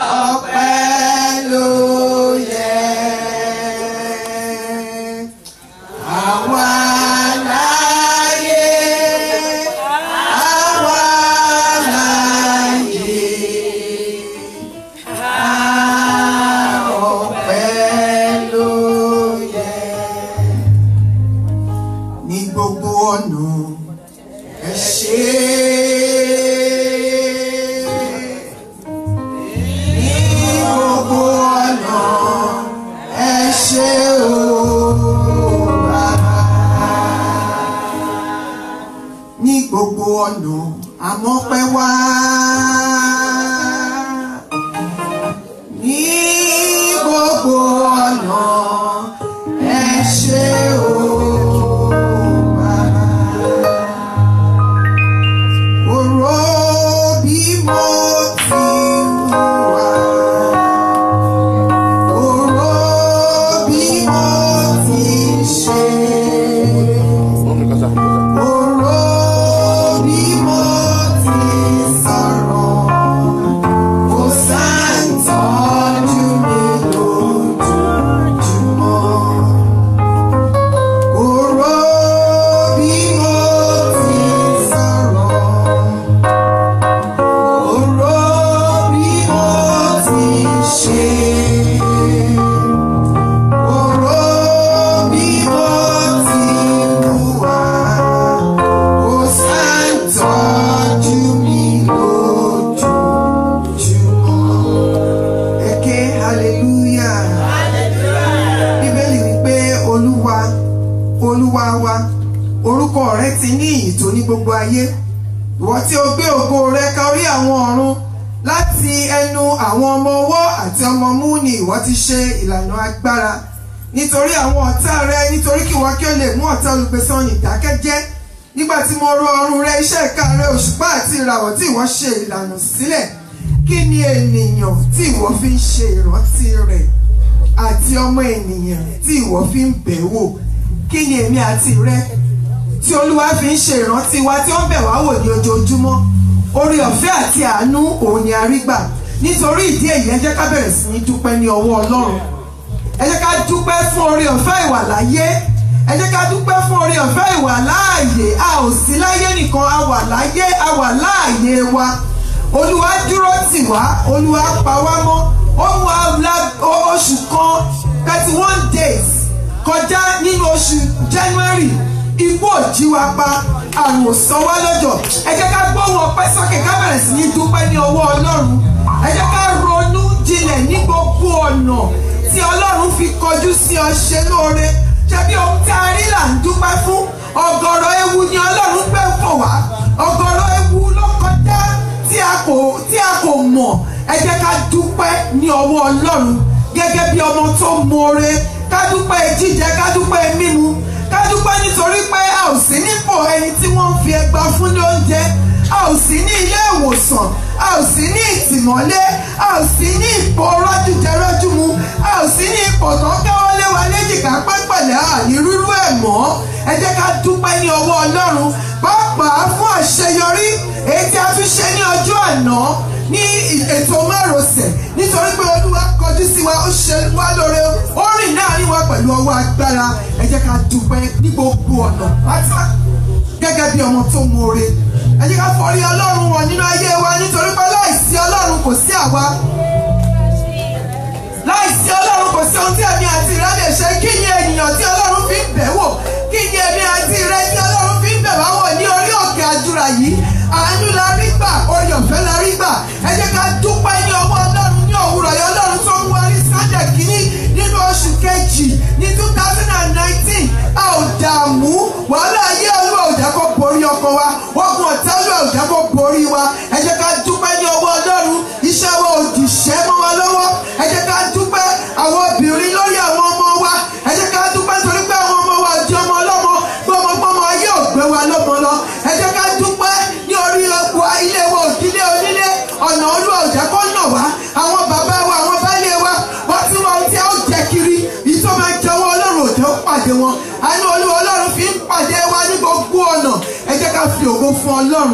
ọpẹ́ ló yẹ àwa láyé àwa láyé ọpẹ́ ní gbogbo ọ̀nà ẹ ṣé. wọ̀lú àmọ́pẹ́ wá. níyì tó ní gbogbo ayé ìwọ tí o gbé ògo rẹ ka orí àwọn ọ̀run láti ẹnu àwọn ọmọ ọwọ́ àti ọmọ mú ni ìwọ ti ṣe ìlànà agbára nítorí àwọn ọ̀tá rẹ nítorí kí ìwọ kí o lè mú ọ̀tá olùgbèsàn ìdákẹ́jẹ́ nígbà tí mo rọ ọrùn rẹ iṣẹ́ ìka rẹ òṣùpá àti ìràwọ̀ tí ìwọ ṣe ìlànà sílẹ̀ kí ni ènìyàn tí ìwọ fi ń ṣe ìrántí rẹ̀ àti ọmọ ènìyàn tí ìwọ fi ń bẹ̀ wò kí ni èmi àti rẹ tí olúwa fi ń ṣe ìrántí wa tí ó ń bẹ̀ wá wò ní ojoojúmọ́ orí ọ̀fẹ́ àti àánú òun ni a rí gbà nítorí ìdí èyí ẹ jẹ́ ká bẹ̀rẹ̀ sí ní dúpẹ́ ní ọwọ́ ọlọ́run ẹ jẹ́ ká dúpẹ́ fún orí ọ̀fẹ́ ìwà láyé ẹ jẹ́ ká dúpẹ́ fún orí ọ̀fẹ́ ìwà láàyè a ò sí láyé nìkan a wà láyé a wà láàyè wa olúwa dúró tì wá olúwa pa wá mọ́ ó mú oṣù kan thirty one days kọjá nínú oṣù January ikú òjì wa pa àrùn òsàn wa lọ́jọ́ ẹ jẹ́ ká gbóhùn ọpẹ́ sókè ká bẹ̀rẹ̀ sí ní dúpẹ́ ní ọwọ́ ọlọ́run ẹ jẹ́ ká ronú jinlẹ̀ ní gbogbo ọ̀nà tí ọlọ́run fi kọjú sí ọ ṣe lóore ṣebí ohun tí a rí là ń dúpẹ́ fún ọ̀gọ̀rọ̀ ewu ni ọlọ́run gbé fò wá ọ̀gọ̀rọ̀ ewu ló kọjá tí a kò tí a kò mọ̀ ẹ jẹ́ ká dúpẹ́ ní ọwọ́ ọlọ́run gẹ́gẹ́ bí ọmọ tó mọ̀ọ́re ká dúpẹ́ jíjẹ ká dúpẹ́ mímu ká dúpẹ́ nítorí pé a ò sí nípò ẹni tí wọ́n ń fi ẹgba fún lóúnjẹ a ò sí ní ilé ìwòsàn a ò sí ní ìtìmọ́lé a ò sí ní ipò rọ́jú jẹ mu a ò sí ní ipò tó ń káwọ́ lé wa léjìká pẹ́pẹ̀lẹ́ àní rírú ẹ̀ mọ́ ẹ jẹ́ ká dúpẹ́ ní ọwọ́ Ọlọ́run pàápàá fún àṣeyọrí èyí tí a tún ṣe ní ọjọ́ àná ní ètò márosẹ̀ nítorí pé Olúwa kọjú sí wa ó ṣe wá lóore pẹ̀lú ọwọ́ agbára ẹ jẹ́ ká dúpẹ́ ní gbogbo ọ̀nà pátá gẹ́gẹ́ bí ọmọ tó mọ̀ọ́re ẹ jẹ́ ká forí ọlọ́run wọn nínú ayé wa nítorí pé láìsí ọlọ́run kò sí àwa láìsí ọlọ́run kò sí ohun tí ẹ̀mí àti ìrẹ́ lè ṣe kí ni ènìyàn tí ọlọ́run fi ń bẹ̀ wò kí ni èmi àti ìrẹ́ tí ọlọ́run fi ń bẹ̀ wá wò ní orí òkè àdúrà yìí àánú la rí gbà orí ọ̀fẹ́ la rí gbà ẹ jẹ́ ká dúpẹ́ ní oṣù kejì ní two thousand and nineteen a ò dààmú wàhálà ayé olúwa ò jẹ́ kó borí ọkọ wa ogun ọ̀tá olúwa ò jẹ́ borí wa ẹ jẹ́ ká dúpẹ́ ní ọwọ́ ọlọ́run iṣẹ́ wa ò dìṣẹ́ mọ́ wa lọ́wọ́ ẹ jẹ́ ká dúpẹ́ àwọn obìnrin lórí. fi ògo fún ọlọ́run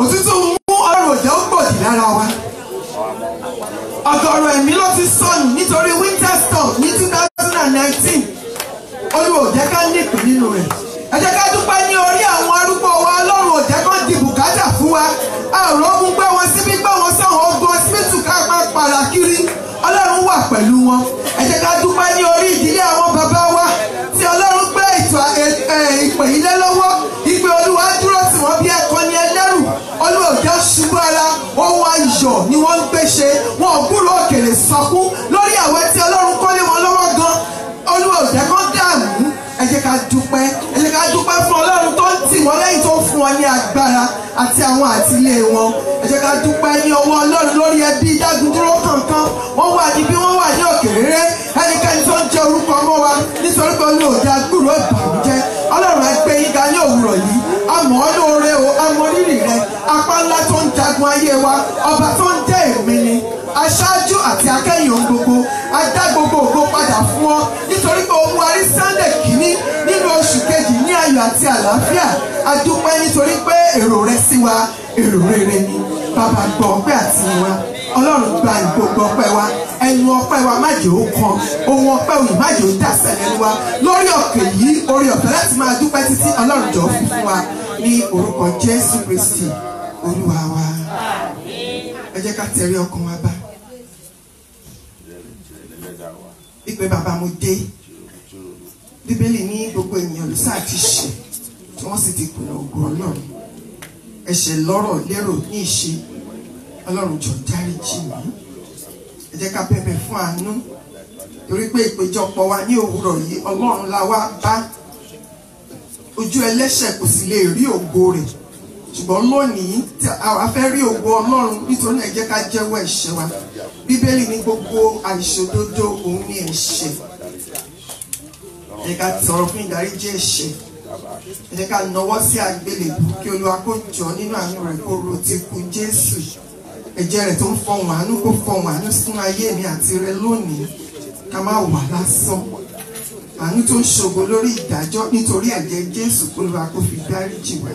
òtútù mú ọ̀rọ̀ òjò gbòdì lára wa ọ̀gọ̀rọ̀ ẹ̀mí ló ti sọnù nítorí winter storm ní two thousand and nineteen olúwa ò jẹ́ ká nípìn nínú rẹ̀ ẹ jẹ́ ká dúpẹ́ ní orí àwọn arúgbó wa ọlọ́run ò jẹ́ kó di bùkátà fún wa àrùn ogun gbé wọn síbí gbé wọn sọ̀hún ogun ọsibítù ká máa pààrà kiri ọlọ́run wà pẹ̀lú wọn ẹ jẹ́ ká dúpẹ́ ní orí ìdílé àwọn bàbá wa. àjọ ni wọ́n ń gbé ṣe wọn gbúrò òkèlè sọkún lórí àwẹ̀ tí ọlọ́run kọ́ wọn lọ́wọ́ gan olúwa ò jẹ́ dààmú ẹ ká dúpẹ́ ẹ ká dúpẹ́ fún ọlọ́run tó ń tì wọ́n lẹ́yìn tó fún wọn ní agbára àti àwọn àtìlé wọn ẹ ká dúpẹ́ ní ọwọ́ ọlọ́run lórí ẹbí dágundúró kankan wọ́n wà níbí wọ́n wà ní òkèèrè ẹnikẹ́ni tó ń jẹ orúkọ mọ́ wa nítorí pé olú òde agbúrò ìbànújẹ́ ọlọ́run ẹgbẹ́ yín ga ní òwúrọ̀ yìí àmọ́ ọlọ́ọ̀rẹ́ o àmọ́ rírì apá ńlá tó ń jagun ayé wa ọba tó ń jẹ́ èmi ni aṣáájú àti akẹ́yìn ohun gbogbo a dá gbogbo ògo padà fún ọ nítorí pé o arí Sunday kìíní nínú oṣù kejì ní ayọ̀ àti àlàáfíà a nítorí pé èrò rẹ sí wa èrò rere ni bàbá gbọ́ ọpẹ́ àti wa ọlọ́run gba ìgbogbo ọpẹ́ wa ẹnu ọpẹ́ wa má jẹ́ ó kan ohun ọpẹ́ òyìn má jẹ́ ó dàsẹ̀ lẹ́nu wa lórí òkè yìí orí ọ̀fẹ́ láti máa dúpẹ́ títí ọlọ́run jọ̀ọ́ fún wa ní orúkọ Jésù Kristi olúwa wa ẹ jẹ́ ká tẹrí ọkàn wa bá ìpè bàbá mo dé bíbélì ní gbogbo ènìyàn ló sáà ti ṣe tí wọ́n sì ti kùnà ògùn ọlọ́run ẹ̀ṣẹ̀ lọ́rọ̀ lérò ní ìṣe ọlọ́run jọ dáríjì mi ẹ jẹ́ ká bẹ̀bẹ̀ fún àánú torí pé ìpéjọpọ̀ wa ní òwúrọ̀ yìí ọlọ́run la wá bá ojú ẹlẹ́ṣẹ̀ kò sì lè rí ògo rẹ̀ ṣùgbọ́n lónìí àwa fẹ́ rí ògo ọlọ́run nítorí náà jẹ́ ká jẹ́wọ́ ẹ̀ṣẹ̀ wa bíbélì ní gbogbo àìṣòdodo òun ni ẹ̀ṣẹ̀ ẹ ká tọrọ fún ìdáríjì ẹ̀ṣẹ̀ ẹ ká nawọ́ sí àgbélébù kí olúwa kó jọ nínú àánú rẹ̀ kó ro ti kú jésù ẹ̀jẹ̀ rẹ̀ tó ń fọhùn àánú kó fọhùn àánú sínú ayé mi àti rẹ lónìí ká má wà lásán àánú tó ń ṣògo lórí ìdájọ́ nítorí ẹ̀jẹ̀ jésù olúwa kó fi dáríjì wá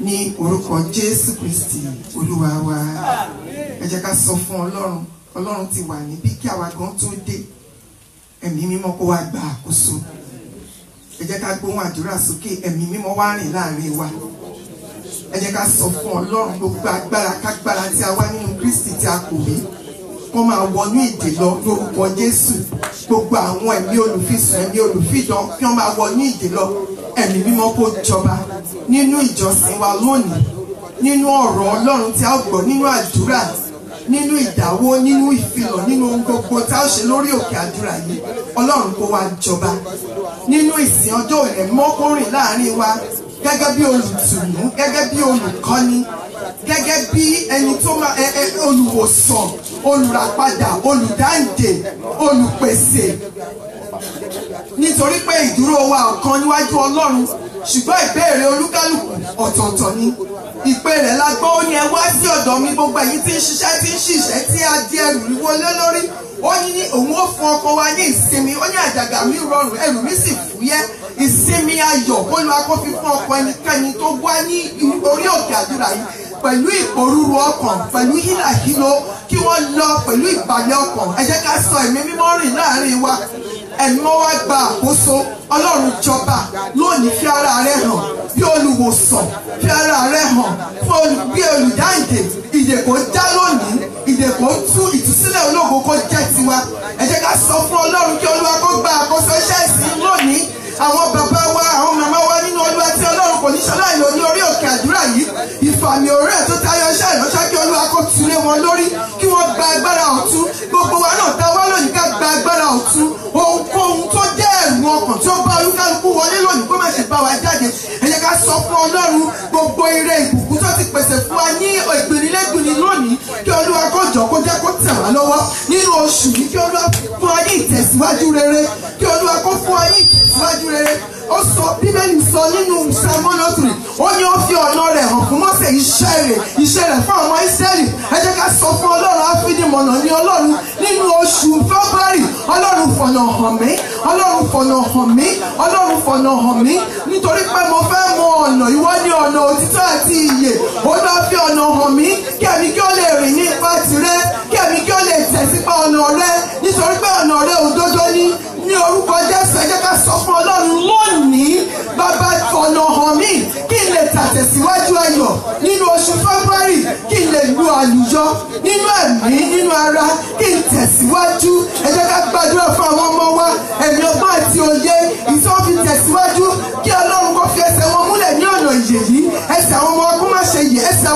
ní orúkọ jésù kristi olúwa wa ẹ jẹ́ ká sọ fún ọlọ́run ọlọ́run ti wà níbí kí àwa gan tó dé ẹ̀mí mímọ́ kó wá gba àkóso ẹ ká gbóhùn àdúrà sókè ẹ̀mí mímọ́ wá rìn láàrin wa ẹ jẹ́ ká sọ fún ọlọ́run gbogbo agbára kágbára tí a wá nínú kristi tí a kò rí wọ́n máa wọnú ìdè lọ lórúkọ Jésù gbogbo àwọn ẹ̀mí olùfisùn ẹ̀mí olùfidàn kí wọ́n máa wọnú ìdè lọ ẹ̀mí mímọ́ kó jọba nínú ìjọsìn wa lónìí nínú ọ̀rọ̀ Ọlọ́run tí a gbọ́ nínú àdúrà nínú ìdáwó nínú ìfilọ̀ nínú ohun gbogbo tá a ṣe lórí òkè àdúrà yìí Ọlọ́run kó wa jọba nínú ìsìn ọjọ́ ìrẹ̀mọ́kùnrin láàrin wa gẹ́gẹ́ bí olùtùnú gẹ́gẹ́ bí olùkọ́ni gẹ́gẹ́ bí ẹni tó máa ẹ ẹ olùwòsàn olùràpadà olùdáǹdè olùpèsè nítorí pé ìdúró wa ọ̀kan níwájú Ọlọ́run ṣùgbọ́n ìbéèrè olúkálùkù ọ̀tọ̀ọ̀tọ̀ ni ìpè rẹ̀ la gbọ́ ó ní ẹ wá sí ọ̀dọ̀ mi gbogbo ẹ̀yin tí ń ṣiṣẹ́ tí ń ṣiṣẹ́ tí a di ẹrù wọlé lórí ó ní òun ó fún ọkọ wa ní ìsinmi ó ní àjàgà mi rọrùn ẹrù mi sì fúyẹ́ ìsinmi ayọ̀ Olúwa kó fi fún ọkọ ẹnikẹ́ni tó wá ní orí òkè àdúrà yìí pẹ̀lú ìpòrúru ọkàn pẹ̀lú hílàhílo kí wọ́n lọ pẹ̀lú ìbàlẹ̀ ọkàn ẹ jẹ́ ká sọ ẹ̀mí mímọ́ rìn láàrin wa ẹ̀mí wọn wá gba àkóso ọlọ́run jọba lónìí fi ara rẹ hàn bí olùwòsàn fi ara rẹ hàn fún bí olùdáǹdè ìdè kò já lónìí ìdè kò tú ìtúsílẹ̀ ológo kó jẹ́ tiwa ẹ jẹ́ ká sọ fún ọlọ́run kí olúwa kó gba àkóso iṣẹ́ ìsìn lónìí àwọn bàbá wa àwọn màmá wa nínú olúwa tí ọlọ́run kò ní ṣọlá ìlò ní orí òkè àdúrà yìí ìfàmì òórẹ́ tó tayọ iṣẹ́ ìránṣẹ́ kí olúwa kó tulé wọn lórí kí wọ́n gba agbára ọ̀tun gbogbo wa náà sọ fún ọlọ́run gbogbo ire ìbùkún tó ti pèsè fún wa ní ìgbìnlẹ́gbìnrin lónìí kí olúwa kó jọ kó jẹ́ kó tẹ̀ wá lọ́wọ́ nínú oṣù yìí kí olúwa fún wa ní ìtẹ̀síwájú rere kí olúwa kó fún wa ní ìtẹ̀síwájú rere ó sọ bíbélì sọ nínú samonotri oh ó ní ó fi ọ̀nà rẹ̀ hàn fún mọ́sẹ̀ iṣẹ́ rẹ̀ iṣẹ́ rẹ̀ fún ọmọ ìsírẹ́lì ẹ jẹ́ ká sọ fún ọlọ́run áfídìmọ̀nà ní ọlọ́run nínú oṣù february ọlọ́run fọ̀nà hàn mí ọlọ́run fọ̀nà hàn mí ọ̀nà hàn mí nítorí pé mo fẹ́ mọ ọ̀nà ìwọ ni ọ̀nà òtítọ́ àti ìyè olúwa fi ọ̀nà hàn mí kí èmi kí ó lè rìn ní ipa tìrẹ kí èmi kí ó lè tẹ̀sípa ọ̀nà rẹ nítorí pé ọ̀nà rẹ òdodo ni ní orúkọ jésù ẹ jẹ́ ká sọ fún ọlọ́run lónìí bàbá ọ̀nà hàn mí kí n lè tàtẹ̀síwájú ayọ̀ nínú oṣù february kí n lè lu àlùyọ nínú ẹ̀mí nínú ara kí n tẹ̀síwájú ẹ jẹ́ ká gbàdúrà fún àwọn ọmọ wa ẹ̀mí ọgbọ́n àti òye ìtọ́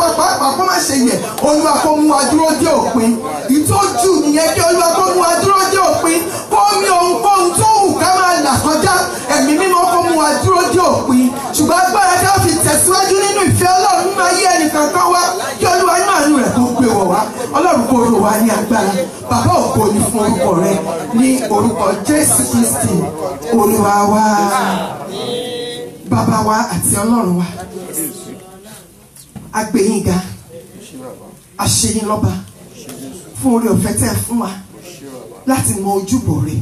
wa pàápàá kó má ṣe yẹ̀ olúwa kó mú wa dúró dé òpin ìtọ́jú nìyẹn kí olúwa kó mú wa dúró dé òpin kó mi ohunkóhun tó wù ká máa là kọjá ẹ̀mí mímọ́ kó mú wa dúró dé òpin ṣùgbọ́n agbára ká fi tẹ̀síwájú nínú ìfẹ́ ọlọ́run nínú ayé ẹnìkankan wa kí olúwa inú àánú rẹ̀ kó gbé wọ̀ wá ọlọ́run kó rò wá ní agbára bàbá òkò ni fún orúkọ rẹ ní orúkọ jésù kristi olúwa wa bàbá wa àti ọlọ́run wa agbèyìn ga àṣeyìn lọ́ba fún orí ọ̀fẹ́ tẹ́ fún wa láti mọ ojúbọ rẹ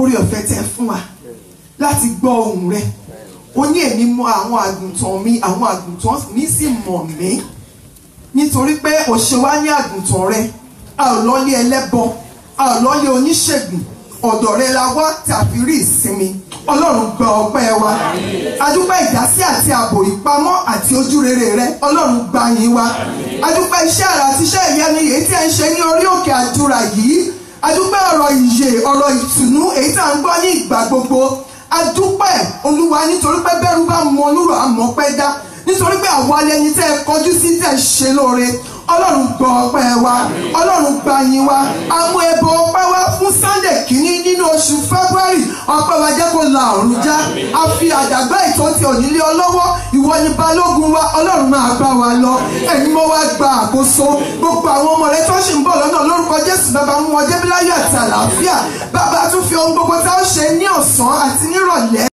orí ọ̀fẹ́ tẹ́ fún wa láti gbọ́ ohùn rẹ ó ní èmi mọ àwọn àgùntàn mi àwọn àgùntàn mi sì mọ̀ mí nítorí pé o ṣe wá ní àgùntàn rẹ a ò lọ́lé ẹlẹ́bọ a ò lọ́lé oníṣègùn ọ̀dọ̀ rẹ la wá tàbí rí ìsinmi ọlọ́run gba ọpẹ́ wa adúpẹ́ ìdásí àti ààbò ìpamọ́ àti ojúrere rẹ ọlọ́run gba yín wa adúpẹ́ iṣẹ́ àrà àti iṣẹ́ ìyanu èyí tí ẹ ń ṣe ní orí òkè àdúrà yìí adúpẹ́ ọ̀rọ̀ ìyè ọ̀rọ̀ ìtùnú èyí tí à ń gbọ́ ní ìgbà gbogbo adúpẹ́ olúwa nítorí pé bẹ́rù bá mọ onúrò àmọ́pẹ́ dá nítorí pé àwa lẹni tẹ́ ẹ kọjú sí tẹ́ ẹ ṣe lóore ọlọ́run gbọ́ ọpẹ́ wa ọlọ́run gba yín wa a mú ẹbọ ọpẹ́ wa fún Sunday kìíní ní nínú oṣù february ọpẹ́ wa jẹ́ kó la ọ̀run já a fi àdàgbà ìtọ́tì ònílé ọlọ́wọ́ ìwọ ni balógun wa ọlọ́run máa bá wa lọ ẹ̀mí mọ́ wá gba àkóso gbogbo àwọn ọmọ rẹ tó ṣì ń bọ̀ lọ́nà lórúkọ jésù bàbá mú wọn débíláyọ̀ àti àlàáfíà bàbá tún fi ohun gbogbo tá ó ṣe ní ọ̀sán àti nírọ̀lẹ́